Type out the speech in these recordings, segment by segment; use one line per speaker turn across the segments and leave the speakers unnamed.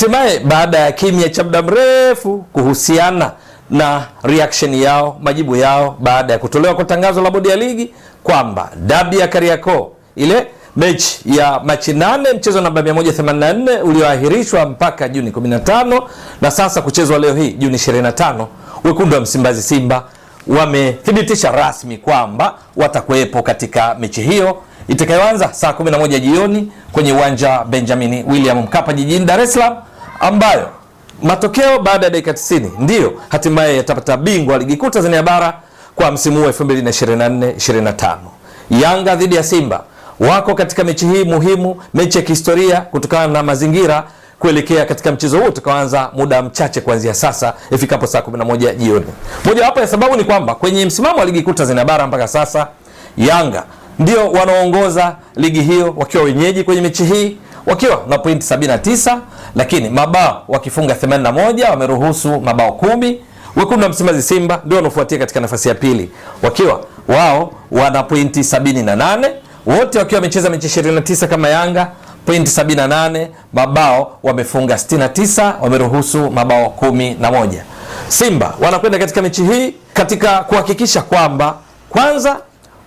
Hatimaye baada ya kimya cha muda mrefu kuhusiana na reaction yao, majibu yao baada ya kutolewa kwa tangazo la bodi ya ligi kwamba dabi ya Kariakoo ile mechi ya Machi nane mchezo namba 184 ulioahirishwa mpaka Juni 15 na sasa kuchezwa leo hii Juni 25, wekundu wa Msimbazi Simba wamethibitisha rasmi kwamba watakuwepo katika mechi hiyo itakayoanza saa 11 jioni kwenye uwanja Benjamin William Mkapa jijini Dar es Salaam ambayo matokeo baada ya dakika 90 ndiyo hatimaye yatapata bingwa ligi kuu Tanzania bara kwa msimu huu 2024 25. Yanga dhidi ya Simba wako katika mechi hii muhimu, mechi ya kihistoria kutokana na mazingira kuelekea katika mchezo huu utakaoanza muda mchache kuanzia sasa ifikapo saa 11 jioni. Mojawapo ya sababu ni kwamba kwenye msimamo wa ligi kuu Tanzania bara mpaka sasa Yanga ndio wanaongoza ligi hiyo wakiwa wenyeji kwenye mechi hii wakiwa na pointi 79, lakini mabao wakifunga 81, wameruhusu mabao kumi. Wekundu wa Msimbazi Simba ndio wanaofuatia katika nafasi ya pili wakiwa wao wana pointi 78, wote wakiwa wamecheza mechi 29 kama Yanga pointi 78, mabao wamefunga 69, wameruhusu mabao 11. Simba wanakwenda katika mechi hii katika kuhakikisha kwamba kwanza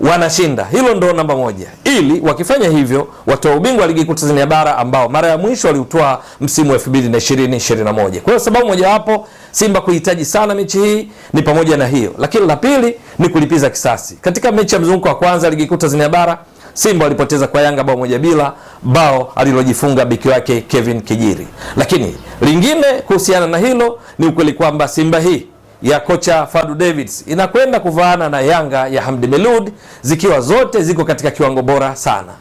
wanashinda. Hilo ndo namba moja, ili wakifanya hivyo watoa ubingwa wa ligi kuu Tanzania bara ambao mara ya mwisho waliutoa msimu 2020 2021. Kwa hiyo sababu mojawapo Simba kuhitaji sana mechi hii ni pamoja na hiyo, lakini la pili ni kulipiza kisasi. Katika mechi ya mzunguko wa kwanza ligi kuu Tanzania bara Simba walipoteza kwa Yanga bao moja bila, bao alilojifunga biki wake Kevin Kijiri. Lakini lingine kuhusiana na hilo ni ukweli kwamba Simba hii ya kocha Fadu Davids inakwenda kuvaana na Yanga ya Hamdi Melud zikiwa zote ziko katika kiwango bora sana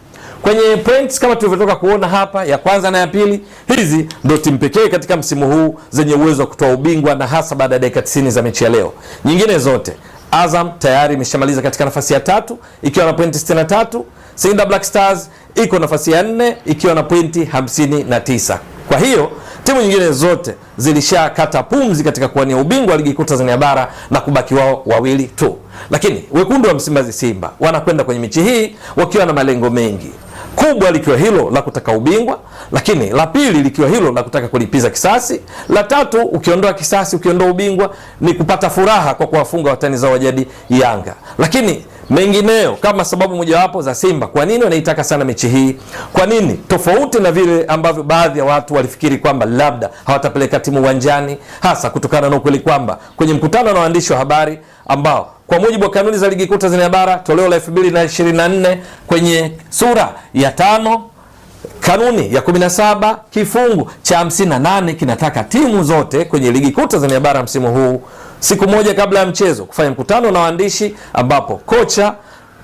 kwenye points kama tulivyotoka kuona hapa, ya kwanza na ya pili. Hizi ndio timu pekee katika msimu huu zenye uwezo wa kutoa ubingwa na hasa baada ya dakika 90 za mechi ya leo. Nyingine zote Azam tayari imeshamaliza katika nafasi ya tatu ikiwa na pointi 63. Singida Black Stars iko nafasi ya nne ikiwa na pointi 59. Kwa hiyo timu nyingine zote zilishakata pumzi katika kuwania ubingwa wa ligi kuu Tanzania bara na kubaki wao wawili tu, lakini wekundu wa Msimbazi Simba wanakwenda kwenye michi hii wakiwa na malengo mengi kubwa likiwa hilo la kutaka ubingwa, lakini la pili likiwa hilo la kutaka kulipiza kisasi, la tatu ukiondoa kisasi, ukiondoa ubingwa, ni kupata furaha kwa kuwafunga watani zao wa jadi Yanga. Lakini mengineo kama sababu mojawapo za Simba kwa nini wanaitaka sana mechi hii. Kwa nini? Tofauti na vile ambavyo baadhi ya watu walifikiri kwamba labda hawatapeleka timu uwanjani, hasa kutokana na ukweli kwamba kwenye mkutano na waandishi wa habari ambao kwa mujibu wa kanuni za ligi kuu Tanzania bara toleo la 2024 kwenye sura ya tano kanuni ya 17 kifungu cha 58 kinataka timu zote kwenye ligi kuu Tanzania bara msimu huu siku moja kabla ya mchezo kufanya mkutano na waandishi ambapo kocha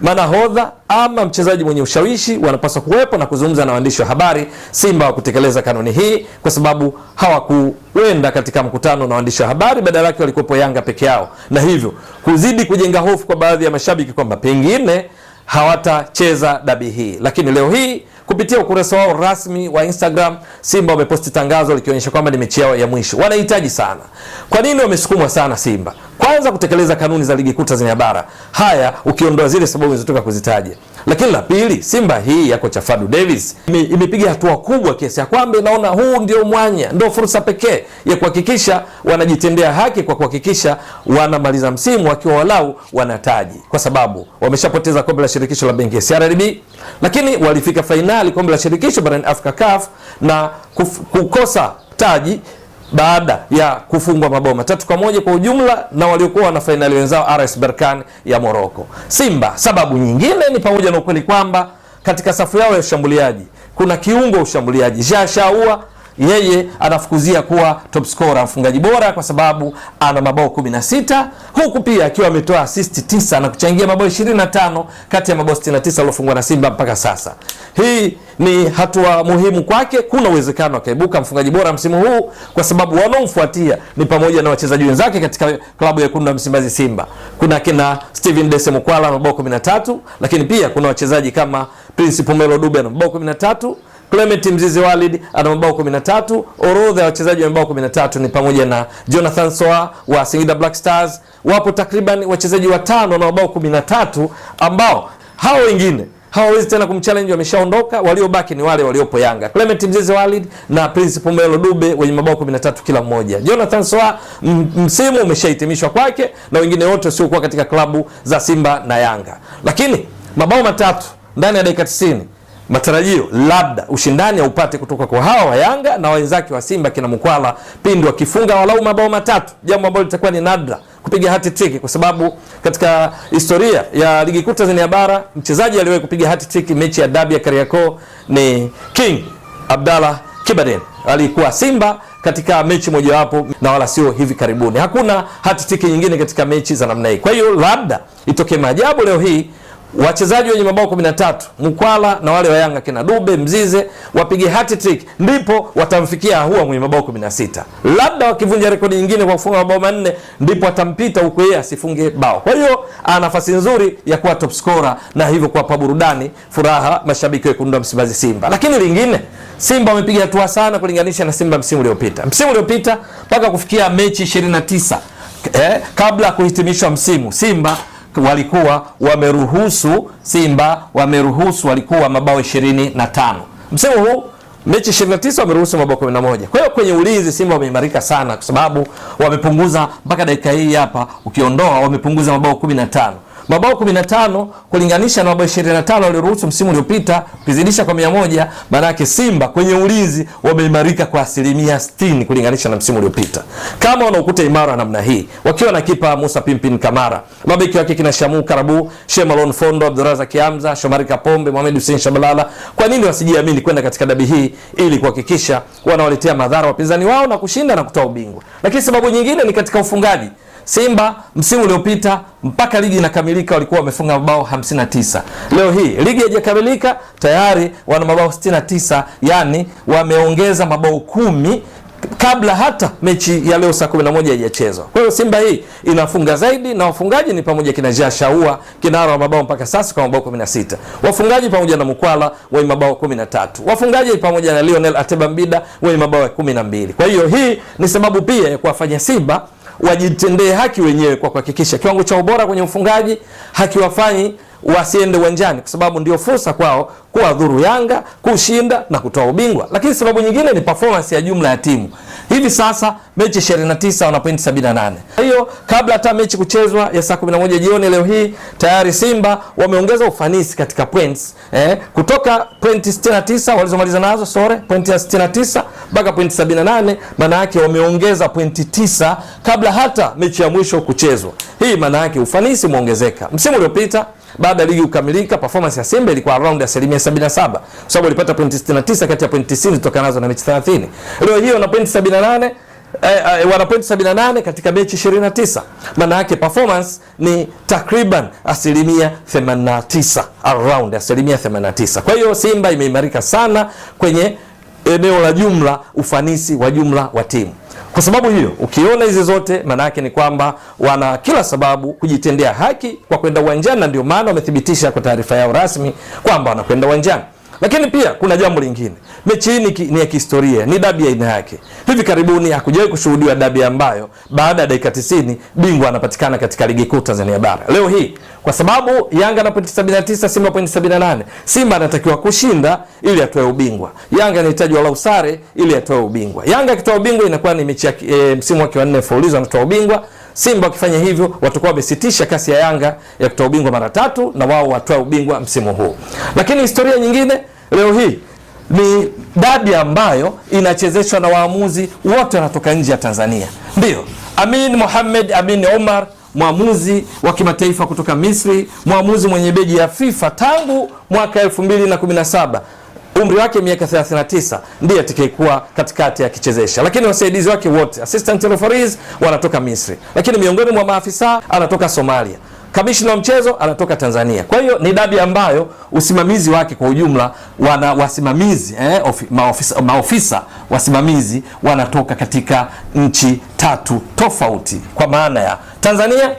manahodha ama mchezaji mwenye ushawishi wanapaswa kuwepo na kuzungumza na waandishi wa habari. Simba wa kutekeleza kanuni hii kwa sababu hawakuenda katika mkutano na waandishi wa habari, badala yake walikuwepo Yanga peke yao, na hivyo kuzidi kujenga hofu kwa baadhi ya mashabiki kwamba pengine hawatacheza dabi hii, lakini leo hii Kupitia ukurasa wao rasmi wa Instagram, Simba wameposti tangazo likionyesha kwamba ni mechi yao ya mwisho. Wanahitaji sana. Kwa nini wamesukumwa sana Simba? kwanza kutekeleza kanuni za ligi kuu Tanzania bara, haya ukiondoa zile sababu zilizotoka kuzitaja. Lakini la pili, Simba hii yako kocha Fadu Davis imepiga hatua kubwa kiasi ya kwamba inaona huu ndio mwanya, ndio fursa pekee ya kuhakikisha wanajitendea haki kwa kuhakikisha wanamaliza msimu wakiwa walau wanataji, kwa sababu wameshapoteza kombe la shirikisho la benki ya CRDB, lakini walifika fainali kombe la shirikisho barani Afrika CAF na kukosa taji baada ya kufungwa mabao matatu kwa moja kwa ujumla na waliokuwa wana fainali wenzao RS berkan ya Morocco. Simba, sababu nyingine ni pamoja na ukweli kwamba katika safu yao ya ushambuliaji kuna kiungo ushambuliaji Jashaua yeye anafukuzia kuwa top scorer, mfungaji bora kwa sababu ana mabao 16 huku pia akiwa ametoa assist 9 na kuchangia mabao 25 kati ya mabao 69 aliyofungwa na Simba mpaka sasa. Hii ni hatua muhimu kwake. Kuna uwezekano akaibuka mfungaji bora msimu huu kwa sababu wanaomfuatia ni pamoja na wachezaji wenzake katika klabu ya Kundu Msimbazi Simba. Kuna kina Steven Dese Mukwala mabao 13, lakini pia kuna wachezaji kama Prince Pomelo Dube na mabao 13 Clement Mzizi Walid ana mabao 13. Orodha ya wachezaji wa mabao 13 ni pamoja na Jonathan Soa wa Singida Black Stars. Wapo takriban wachezaji watano na mabao 13 ambao hao wengine hawawezi tena kumchallenge, wameshaondoka. Waliobaki ni wale waliopo Yanga, Clement Mzize Walid na Prince Pomelo Dube wenye mabao 13 kila mmoja. Jonathan Soa msimu umeshahitimishwa kwake na wengine wote wasiokuwa katika klabu za Simba na Yanga, lakini mabao matatu ndani ya dakika 90 matarajio labda ushindani aupate kutoka kwa hawa wa Yanga na wenzake wa Simba kina Mkwala pindi wakifunga walau mabao matatu, jambo ambalo litakuwa ni nadra kupiga hat-trick, kwa sababu katika historia ya ligi kuu Tanzania bara mchezaji aliyewahi kupiga hat-trick mechi ya dabi ya Kariakoo ni King Abdallah Kibaden, alikuwa Simba katika mechi mojawapo na wala sio hivi karibuni. Hakuna hat-trick nyingine katika mechi za namna hii, kwa hiyo labda itokee maajabu leo hii wachezaji wenye mabao 13 Mkwala na wale wa Yanga kina Dube, Mzize wapige hat trick, ndipo watamfikia Ahoua mwenye mabao 16. Labda wakivunja rekodi nyingine kwa kufunga mabao manne, ndipo atampita huko, yeye asifunge bao. Kwa hiyo ana nafasi nzuri ya kuwa top scorer na hivyo kuwapa burudani, furaha mashabiki wekundu wa Msimbazi Simba. Lakini lingine, Simba wamepiga hatua sana kulinganisha na Simba msimu uliopita. Msimu uliopita mpaka kufikia mechi 29 eh, kabla ya kuhitimishwa msimu Simba walikuwa wameruhusu Simba wameruhusu walikuwa mabao 25. Msimu huu mechi 29 wameruhusu mabao 11. Kwa hiyo kwenye ulinzi Simba wameimarika sana, kwa sababu wamepunguza mpaka dakika hii hapa, ukiondoa wamepunguza mabao 15 mabao 15 kulinganisha na mabao 25 walioruhusu msimu uliopita, kuzidisha kwa 100, maana yake Simba kwenye ulinzi wameimarika kwa asilimia 60 kulinganisha na msimu uliopita. Kama wanaokuta imara namna hii, wakiwa na kipa Musa Pimpin Kamara, mabeki wake kina Shamu Karabu, Shemalon Fondo, Abdurazak Kiamza, Shomari Kapombe, Mohamed Hussein Shabalala, kwa nini wasijiamini kwenda katika dabi hii ili kuhakikisha wanawaletea madhara wapinzani wao na kushinda na kutoa ubingwa? Lakini sababu nyingine ni katika ufungaji Simba msimu uliopita mpaka ligi inakamilika walikuwa wamefunga mabao 59. Leo hii ligi haijakamilika tayari wana mabao 69, yani wameongeza mabao kumi kabla hata mechi ya leo saa 11 haijachezwa. Kwa hiyo Simba hii inafunga zaidi, na wafungaji ni pamoja kina Jean Shaua, kinara wa mabao mpaka sasa kwa mabao 16, wafungaji pamoja na mkwala wenye mabao 13, wafungaji pamoja na Lionel Atebambida wenye mabao 12. Kwa hiyo hii ni sababu pia ya kuwafanya Simba wajitendee haki wenyewe kwa kuhakikisha kiwango cha ubora kwenye ufungaji hakiwafanyi wasiende uwanjani, kwa sababu ndio fursa kwao kuwa dhuru Yanga kushinda na kutoa ubingwa. Lakini sababu nyingine ni performance ya jumla ya timu. Hivi sasa mechi 29 wana pointi 78. Kwa hiyo kabla hata mechi kuchezwa ya saa 11 jioni leo hii tayari Simba wameongeza ufanisi katika points eh, kutoka pointi 69 walizomaliza nazo sore pointi ya 69 mpaka pointi 78, maana yake wameongeza pointi 9 kabla hata mechi ya mwisho kuchezwa. Hii maana yake ufanisi umeongezeka. Msimu uliopita baada ya ligi kukamilika, performance ya Simba ilikuwa around asilimia 77, kwa sababu walipata pointi 69 kati ya pointi 90 kutoka nazo na mechi 30. Leo hii wana pointi 78 Eh, eh, wana pointi 78 katika mechi 29. Maana yake performance ni takriban asilimia 89, around asilimia 89. Kwa hiyo Simba imeimarika sana kwenye eneo la jumla, ufanisi wa jumla wa timu. Kwa sababu hiyo, ukiona hizi zote, maana yake ni kwamba wana kila sababu kujitendea haki kwa kwenda uwanjani, na ndio maana wamethibitisha kwa taarifa yao rasmi kwamba wanakwenda uwanjani. Lakini pia kuna jambo lingine, mechi hii ni ya kihistoria, ni dabi ya aina yake. Hivi karibuni hakujawahi kushuhudiwa dabi ambayo baada ya dakika 90 bingwa anapatikana katika ligi kuu Tanzania Bara. Leo hii kwa sababu Yanga na pointi 79, Simba pointi 78, Simba anatakiwa kushinda ili atoe ubingwa. Yanga anahitaji walau sare ili atoe ubingwa. Yanga akitoa ubingwa inakuwa ni mechi ya e, msimu wake wa nne mfululizo anatoa ubingwa. Simba wakifanya hivyo watakuwa wamesitisha kasi ya Yanga ya kutoa ubingwa mara tatu na wao watoa ubingwa msimu huu. Lakini historia nyingine leo hii ni dabi ambayo inachezeshwa na waamuzi wote wanatoka nje ya Tanzania. Ndiyo, Amin Mohamed Amin Omar mwamuzi wa kimataifa kutoka Misri, mwamuzi mwenye beji ya FIFA tangu mwaka 217 umri wake miaka 39 ndiye atakayekuwa katikati akichezesha, lakini wasaidizi wake wote assistant referees wanatoka Misri, lakini miongoni mwa maafisa anatoka Somalia, kamishna wa mchezo anatoka Tanzania. Kwa hiyo ni dabi ambayo usimamizi wake kwa ujumla wana wasimamizi eh, ofi, maofisa, maofisa wasimamizi wanatoka katika nchi tatu tofauti, kwa maana ya Tanzania,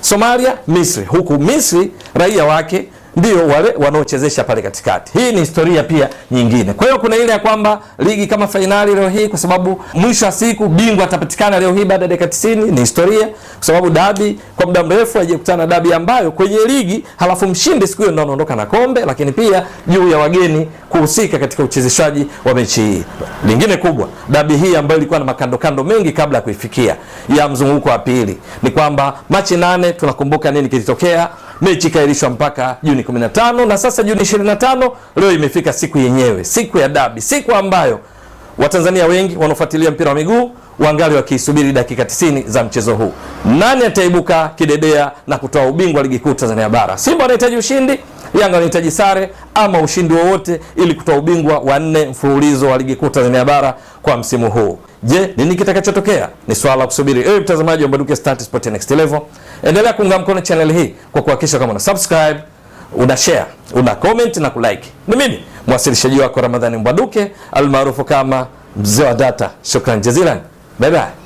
Somalia, Misri, huku Misri raia wake ndio wale wanaochezesha pale katikati. Hii ni historia pia nyingine. Kwa hiyo kuna ile ya kwamba ligi kama fainali leo hii, kwa sababu mwisho wa siku bingwa atapatikana leo hii baada ya dakika 90. Ni historia kwa sababu dabi kwa muda mrefu haijakutana dabi ambayo kwenye ligi, halafu mshindi siku hiyo ndio anaondoka na kombe, lakini pia juu ya wageni kuhusika katika uchezeshaji wa mechi hii. Lingine kubwa dabi hii ambayo ilikuwa na makandokando mengi kabla ya kuifikia ya mzunguko wa pili ni kwamba Machi nane, tunakumbuka nini kilitokea mechi ikaahirishwa mpaka Juni 15 na sasa Juni 25, leo imefika siku yenyewe, siku ya dabi, siku ambayo Watanzania wengi wanaofuatilia mpira wa miguu wangali wakiisubiri dakika 90 za mchezo huu. Nani ataibuka kidedea na kutoa ubingwa ligi kuu Tanzania bara? Simba anahitaji ushindi, Yanga wanahitaji sare ama ushindi wowote ili kutoa ubingwa wa nne mfululizo wa ligi kuu Tanzania bara kwa msimu huu. Je, nini kitakachotokea? Ni swala la kusubiri. Ewe mtazamaji wa Mbwaduke Stats Sport Next Level, endelea kuunga mkono channel hii kwa kuhakikisha kama una subscribe, una share, una comment na kulike. Ni mimi mwasilishaji wako Ramadhani Mbwaduke almaarufu kama mzee wa data. Shukran jazilan, bye bye.